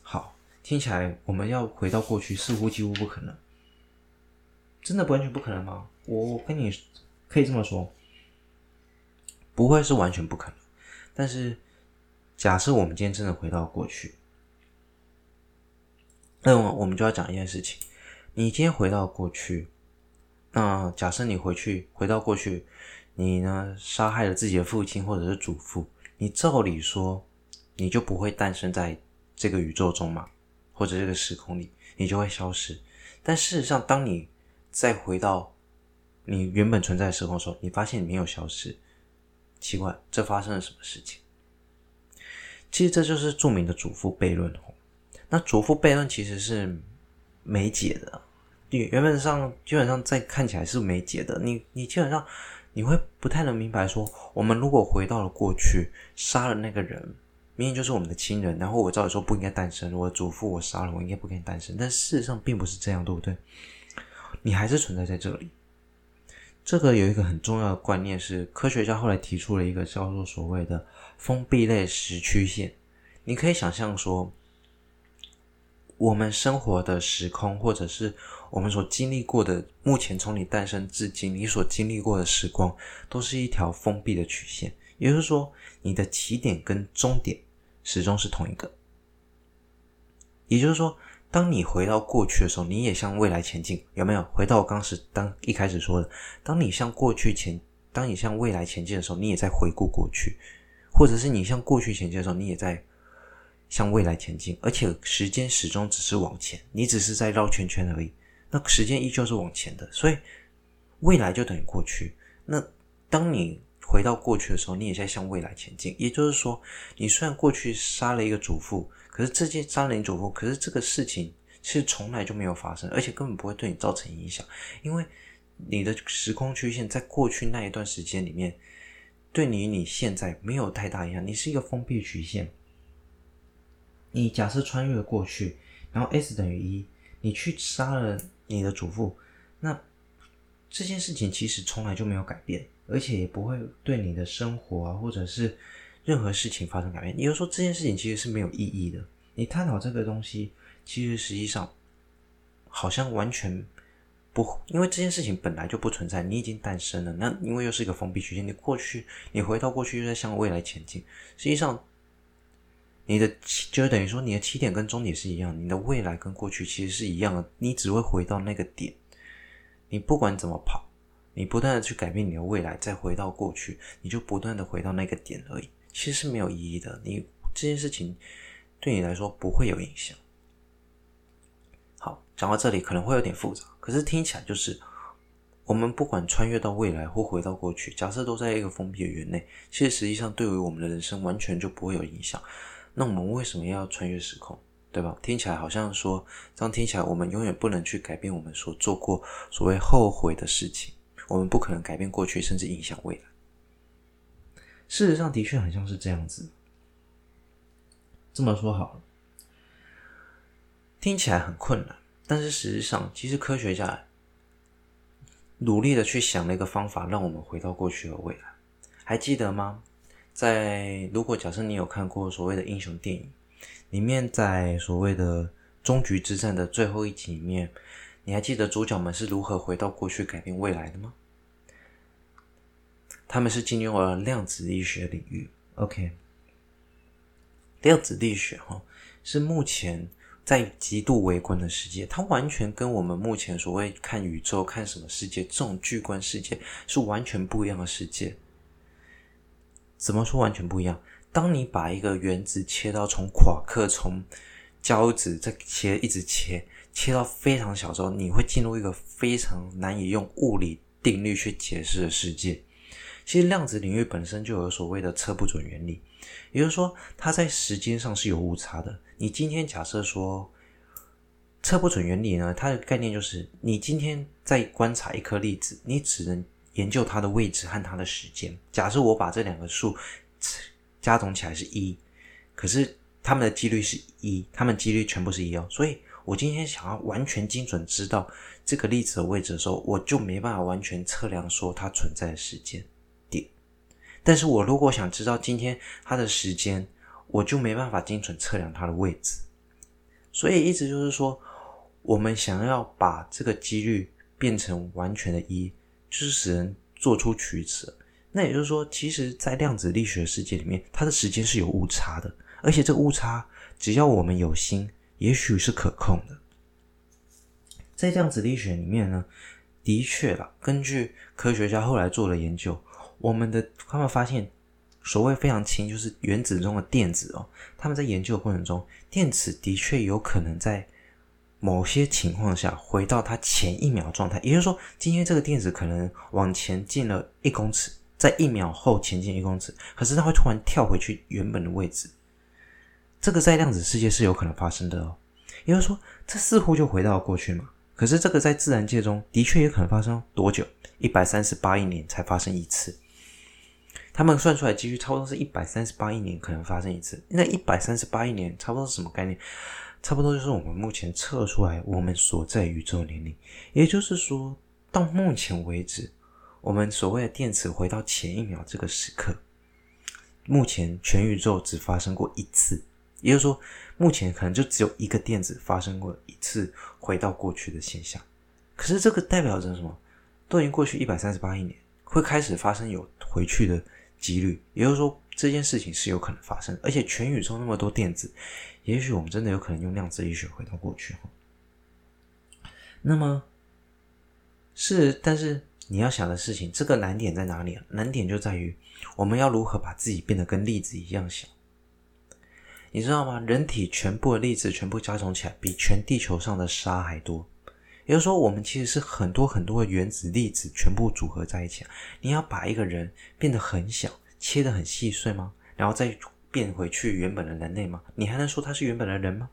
好，聽起來我們要回到過去，似乎幾乎不可能。真的完全不可能嗎？我跟你可以這麼說，不會是完全不可能。但是假設我們今天真的回到過去。那麼我們就要講一件事情：你今天回到過去，那、呃、假設你回去回到過去，你呢殺害了自己的父親或者是祖父，你照理說你就不會誕生在這個宇宙中嘛，或者這個時空裡，你就會消失。但事實上，當你再回到你原本存在的時空的時候，你發現你沒有消失，奇怪，這發生了什麼事情？其實這就是著名的祖父悖論。那祖父悖論其實是沒解的，你原本上基本上在看起來是沒解的，你你基本上你會不太能明白說，我們如果回到了過去殺了那個人，明明就是我們的親人，然後我照理說不應該誕生，我的祖父我殺了我應該不給你誕生，但事實上並不是這樣，對不對？你還是存在在這裡。這個有一個很重要的觀念是，科學家後來提出了一個叫做所謂的封閉類時曲線，你可以想象說。我們生活的時空，或者是我們所經歷過的，目前從你誕生至今，你所經歷過的時光，都是一條封閉的曲線。也就是說，你的起點跟終點始終是同一個。也就是說，當你回到過去的時候，你也向未來前進。有沒有回到我剛剛時當一開始說的？當你向過去前，當你向未來前進的時候，你也在回顧過去，或者是你向過去前進的時候，你也在。向未來前進，而且時間始終只是往前，你只是在繞圈圈而已。那時間依舊是往前的，所以未來就等於過去。那當你回到過去的時候，你也在向未來前進。也就是說，你雖然過去殺了一個祖父，可是這件殺人祖父，可是這個事情其實從來就沒有發生，而且根本不會對你造成影響，因為你的時空曲線在過去那一段時間裡面，對你你現在沒有太大影響，你是一個封閉曲線。你假設穿越了過去，然後 s 等於一，你去殺了你的祖父，那這件事情其實從來就沒有改變，而且也不會對你的生活啊，或者是任何事情發生改變。也就說，這件事情其實是沒有意義的。你探討這個東西，其實實際上好像完全不，因為這件事情本來就不存在。你已經誕生了，那因為又是一個封閉區間，你過去，你回到過去，又在向未來前進，實際上。你的起就等於說你的起點跟終點是一樣，你的未來跟過去其實是一樣的，你只會回到那個點。你不管怎麼跑，你不斷地去改變你的未來，再回到過去，你就不斷地回到那個點而已，其實是沒有意義的。你這件事情對你來說不會有影響。好，講到這裡可能會有點複雜，可是聽起來就是，我們不管穿越到未來或回到過去，假設都在一個封閉的圓內，其實實際上對於我們的人生完全就不會有影響。那我們為什麼要穿越時空，對吧？聽起來好像說這樣聽起來，我們永遠不能去改變我們所做過所謂後悔的事情，我們不可能改變過去，甚至影響未來。事實上的確很像是這樣子。這麼說好了，聽起來很困難，但是實際上，其實科學家努力的去想了一個方法，讓我們回到過去和未來，還記得嗎？在，如果假設你有看過所謂的英雄電影，裡面在所謂的終局之戰的最後一集裡面，你還記得主角們是如何回到過去改變未來的嗎？他們是進入了量子力學領域。OK，量子力學哈是目前在極度微觀的世界，它完全跟我們目前所謂看宇宙、看什麼世界這種巨觀世界是完全不一樣的世界。怎麼說完全不一樣？當你把一個原子切到從夸克、從膠子再切，一直切，切到非常小時候，你會進入一個非常難以用物理定律去解釋的世界。其實量子領域本身就有所謂的測不準原理，也就是說，它在時間上是有誤差的。你今天假設說，測不準原理呢，它的概念就是，你今天在觀察一顆粒子，你只能。研究它的位置和它的時間。假設我把這兩個數加總起來是一，可是它們的幾率是一，它們幾率全部是一哦。所以我今天想要完全精準知道這個粒子的位置的時候，我就沒辦法完全測量說它存在的時間點。但是我如果想知道今天它的時間，我就沒辦法精準測量它的位置。所以意思就是說，我們想要把這個幾率變成完全的一。就是使人做出取捨，那也就是說，其實，在量子力學世界裡面，它的時間是有誤差的，而且這個誤差，只要我們有心，也許是可控的。在量子力學裡面呢，的確啦，根據科學家後來做的研究，我們的，他們發現，所謂非常輕，就是原子中的電子哦，他們在研究的過程中，電子的確有可能在。某些情況下，回到它前一秒狀態，也就是說，今天這個電子可能往前進了一公尺，在一秒後前進一公尺，可是它會突然跳回去原本的位置。這個在量子世界是有可能發生的哦。也就是說，這似乎就回到了過去嘛？可是這個在自然界中的確有可能發生，多久？一百三十八億年才發生一次。他們算出來，機率差不多是一百三十八億年可能發生一次。那一百三十八億年差不多是什麼概念？差不多就是我們目前測出來，我們所在宇宙年齡，也就是說，到目前為止，我們所謂的電子回到前一秒這個時刻，目前全宇宙只發生過一次，也就是說，目前可能就只有一個電子發生過一次回到過去的現象。可是這個代表着什麼？都已經過去一百三十八億年，會開始發生有回去的幾率，也就是說，這件事情是有可能發生，而且全宇宙那麼多電子。也許我們真的有可能用量子力學回到過去。那麼是，但是你要想的事情，這個難點在哪裡啊？難點就在於我們要如何把自己變得跟粒子一樣小。你知道嗎？人體全部的粒子全部加總起來，比全地球上的沙還多。也就是說，我們其實是很多很多的原子粒子全部組合在一起。你要把一個人變得很小，切得很細碎嗎？然後再。變回去原本的人類嗎？你還能說他是原本的人嗎？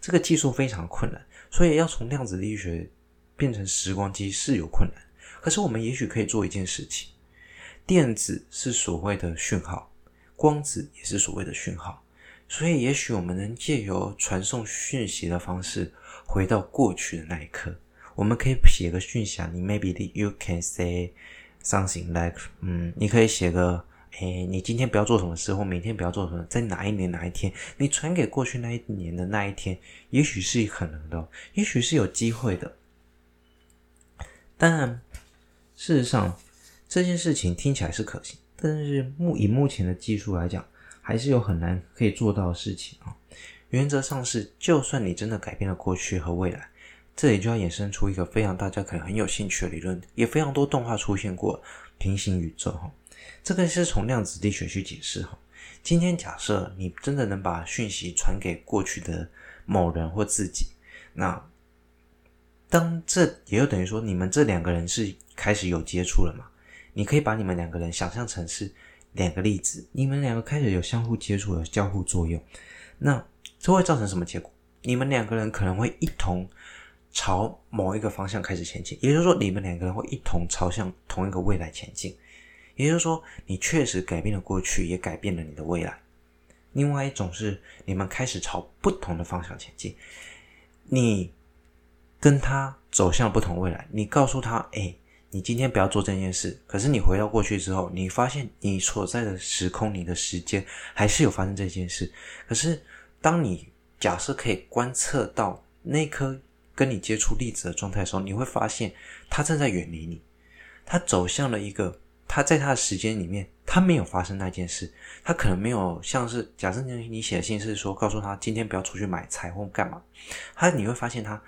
這個技術非常困難，所以要從量子力學變成時光機是有困難。可是我們也許可以做一件事情：電子是所謂的訊號，光子也是所謂的訊號，所以也許我們能借由傳送訊息的方式回到過去的那一刻。我們可以寫個訊息啊，你 maybe you can say something like 嗯，你可以寫個。哎，你今天不要做什麼事，或明天不要做什麼，在哪一年哪一天，你傳給過去那一年的那一天，也許是可能的，也許是有機會的。當然，事實上，這件事情聽起來是可行，但是目以目前的技術來講，還是有很難可以做到的事情啊。原則上是，就算你真的改變了過去和未來，這裡就要衍生出一個非常大家可能很有興趣的理論，也非常多動畫出現過平行宇宙。這個是從量子力學去解釋哈，今天假設你真的能把訊息傳給過去的某人或自己，那當這也就等於說你們這兩個人是開始有接觸了嘛？你可以把你們兩個人想象成是兩個粒子，你們兩個開始有相互接觸的交互作用，那這會造成什麼結果？你們兩個人可能會一同朝某一個方向開始前進，也就是說，你們兩個人會一同朝向同一個未來前進。也就是說，你確實改變了過去，也改變了你的未來。另外一種是，你們開始朝不同的方向前進。你跟他走向不同未來。你告訴他：“哎，你今天不要做這件事。”可是你回到過去之後，你發現你所在的時空，你的時間還是有發生這件事。可是，當你假設可以觀測到那顆跟你接觸粒子的狀態的時候，你會發現它正在遠離你，它走向了一個。他在他的時間裡面，他沒有發生那件事，他可能沒有像是假設你你寫的信是說告訴他今天不要出去買菜或者幹嘛，他你會發現他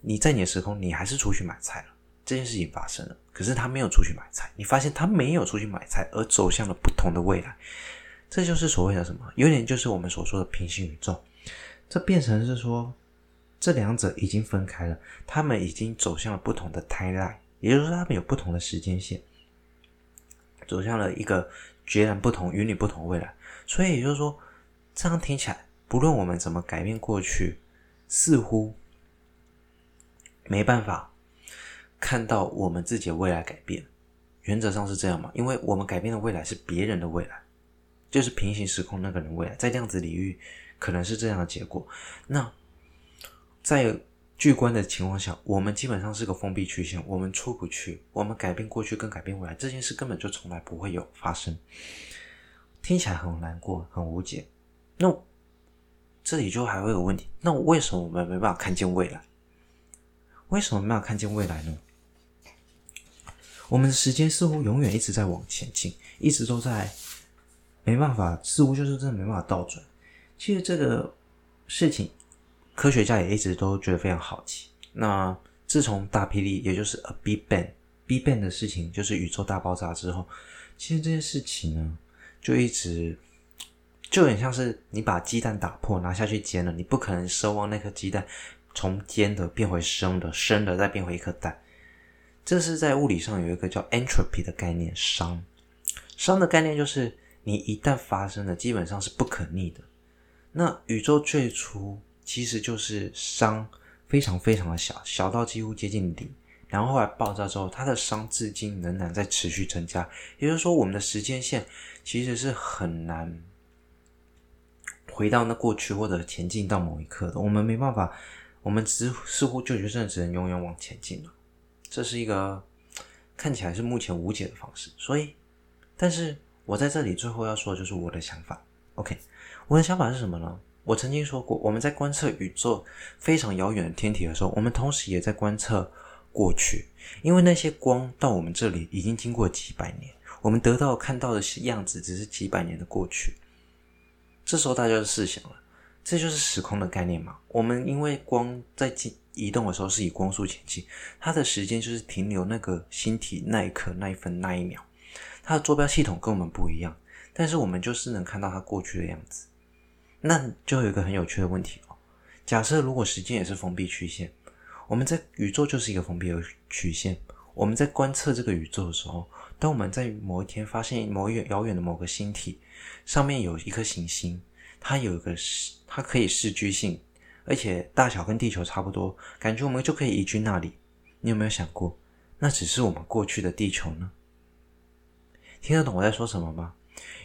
你在你的時空，你還是出去買菜了，這件事情發生了，可是他沒有出去買菜，你發現他沒有出去買菜而走向了不同的未來，這就是所謂的什麼？有點就是我們所說的平行宇宙，這變成是說這兩者已經分開了，他們已經走向了不同的 timeline，也就是說他們有不同的時間線。走向了一個截然不同、與你不同未來，所以也就是說，這樣聽起來，不論我們怎麼改變過去，似乎沒辦法看到我們自己的未來改變。原則上是這樣嘛？因為我們改變的未來是別人的未來，就是平行時空那個人未來，在量子領域，可能是這樣的結果。那在，巨觀的情況下，我們基本上是個封閉曲線，我們出不去。我們改變過去跟改變未來這件事，根本就從來不會有發生。聽起來很難過，很無解。那這裡就還會有問題。那為什麼我們沒辦法看見未來？為什麼沒有看見未來呢？我們的時間似乎永遠一直在往前進，一直都在沒辦法，似乎就是真的沒辦法倒轉。其實這個事情。科學家也一直都覺得非常好奇。那自從大霹靂，也就是 a big bang big bang 的事情，就是宇宙大爆炸之後，其實這件事情呢，就一直就有點像是你把雞蛋打破拿下去煎了，你不可能奢望那顆雞蛋從煎的變回生的，生的再變回一顆蛋。這是在物理上有一個叫 entropy 的概念，熵。熵的概念就是你一旦發生了，基本上是不可逆的。那宇宙最初。其實就是傷非常非常的小小到幾乎接近零，然後後來爆炸之後，他的傷至今仍然在持續增加。也就是說，我們的時間線其實是很難回到那過去或者前進到某一刻的。我們沒辦法，我們只似乎就覺得只能永遠往前進了。這是一個看起來是目前無解的方式。所以，但是我在這裡最後要說的就是我的想法。OK，我的想法是什麼呢？我曾經說過，我們在觀測宇宙非常遙遠的天體的時候，我們同時也在觀測過去，因為那些光到我們這裡已經經過幾百年，我們得到看到的樣子只是幾百年的過去。這時候大家就試想了，這就是時空的概念嘛。我們因為光在進移動的時候是以光速前進，它的時間就是停留那個星體那一刻、那一分、那一秒，它的坐標系統跟我們不一樣，但是我們就是能看到它過去的樣子。那就有一個很有趣的問題哦。假設如果時間也是封閉曲線，我們在宇宙就是一個封閉的曲線。我們在觀測這個宇宙的時候，當我們在某一天發現某一遙、遙遠的某個星體上面有一顆行星，它有一個它可以適居性，而且大小跟地球差不多，感覺我們就可以移居那裡。你有沒有想過，那只是我們過去的地球呢？聽得懂我在說什麼嗎？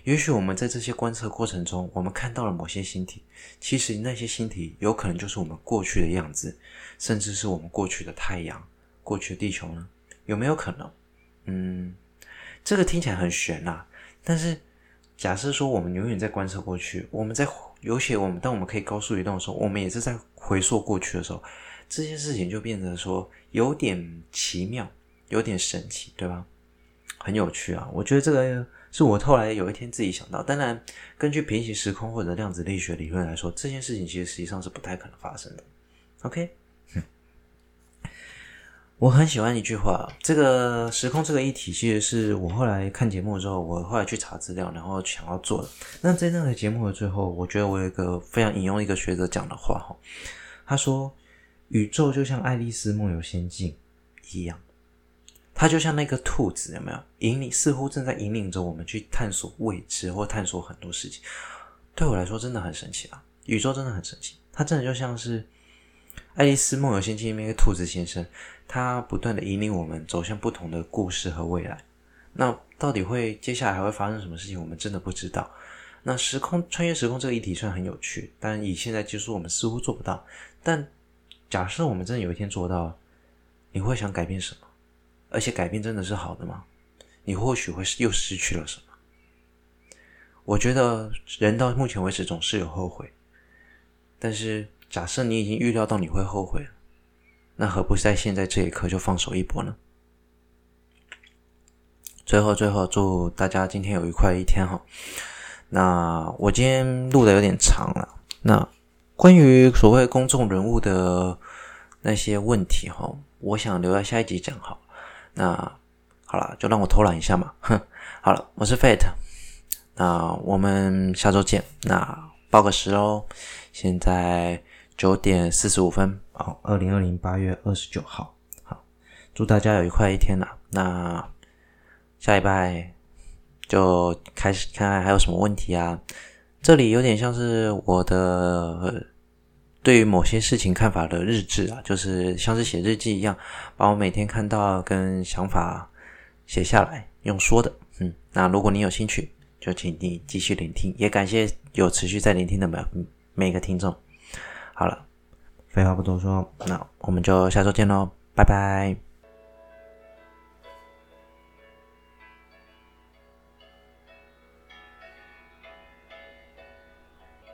也許我們在這些觀測過程中，我們看到了某些星體。其實那些星體有可能就是我們過去的樣子，甚至是我們過去的太陽、過去的地球呢？有沒有可能？嗯，這個聽起來很玄吶、啊。但是假設說我們永遠在觀測過去，我們在尤其我們當我們可以高速移動的時候，我們也是在回溯過去的時候，這些事情就變得說有點奇妙，有點神奇，對吧？很有趣啊！我覺得這個。是我後來有一天自己想到。當然，根據平行時空或者量子力學理論來說，這件事情其實實際上是不太可能發生的。OK，我很喜歡一句話，這個時空這個議題其實是我後來看節目之後，我後來去查資料，然後想要做的。那在那個節目的最後，我覺得我有一個非常引用一個學者講的話，他說：“宇宙就像愛麗絲夢遊仙境一樣。”它就像那個兔子，有沒有引領？似乎正在引領着我們去探索未知或探索很多事情。對我來說，真的很神奇啊！宇宙真的很神奇，它真的就像是《愛麗絲夢遊仙境》裡面那個兔子先生，它不斷的引領我們走向不同的故事和未來。那到底會接下來還會發生什麼事情？我們真的不知道。那時空穿越時空這個議題算很有趣，但以現在技術，我們似乎做不到。但假設我們真的有一天做到，你會想改變什麼？而且改變真的是好的嗎？你或許會又失去了什麼？我覺得人到目前為止總是有後悔。但是假設你已經預料到你會後悔了，那何不在現在這一刻就放手一搏呢？最後，最後，祝大家今天有愉快的一天哈。那我今天錄的有點長了。那關於所謂公眾人物的那些問題哈，我想留在下一集講好。那好了，就讓我偷懶一下嘛，哼， 好了，我是 Fate，那我們下周見，那報個時哦，現在九點四十五分，哦，二零二零八月二十九號，好，祝大家有愉快一天吶，那下禮拜就開始看看還有什麼問題啊，這裡有點像是我的。呃對於某些事情看法的日誌啊，就是像是寫日記一樣，把我每天看到跟想法寫下來，用說的。嗯，那如果你有興趣，就請你繼續聆聽，也感謝有持續在聆聽的每每個聽眾。好了，廢話不多說，那我們就下周見嘍，拜拜。